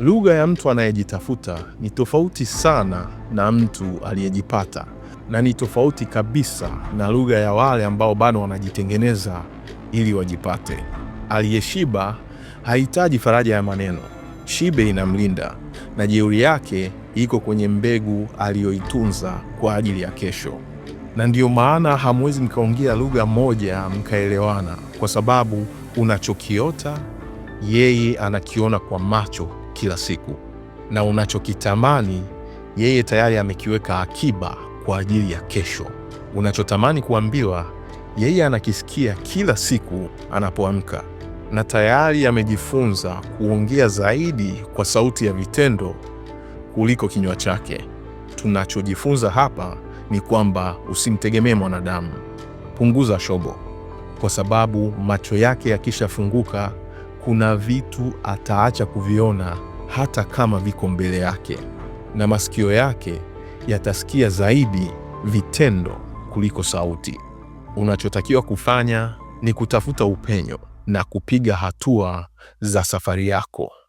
Lugha ya mtu anayejitafuta ni tofauti sana na mtu aliyejipata, na ni tofauti kabisa na lugha ya wale ambao bado wanajitengeneza ili wajipate. Aliyeshiba hahitaji faraja ya maneno, shibe inamlinda, na jeuri yake iko kwenye mbegu aliyoitunza kwa ajili ya kesho. Na ndiyo maana hamwezi mkaongea lugha moja mkaelewana, kwa sababu unachokiota yeye anakiona kwa macho kila siku, na unachokitamani yeye tayari amekiweka akiba kwa ajili ya kesho. Unachotamani kuambiwa yeye anakisikia kila siku anapoamka, na tayari amejifunza kuongea zaidi kwa sauti ya vitendo kuliko kinywa chake. Tunachojifunza hapa ni kwamba usimtegemee mwanadamu, punguza shobo, kwa sababu macho yake yakishafunguka kuna vitu ataacha kuviona hata kama viko mbele yake, na masikio yake yatasikia zaidi vitendo kuliko sauti. Unachotakiwa kufanya ni kutafuta upenyo na kupiga hatua za safari yako.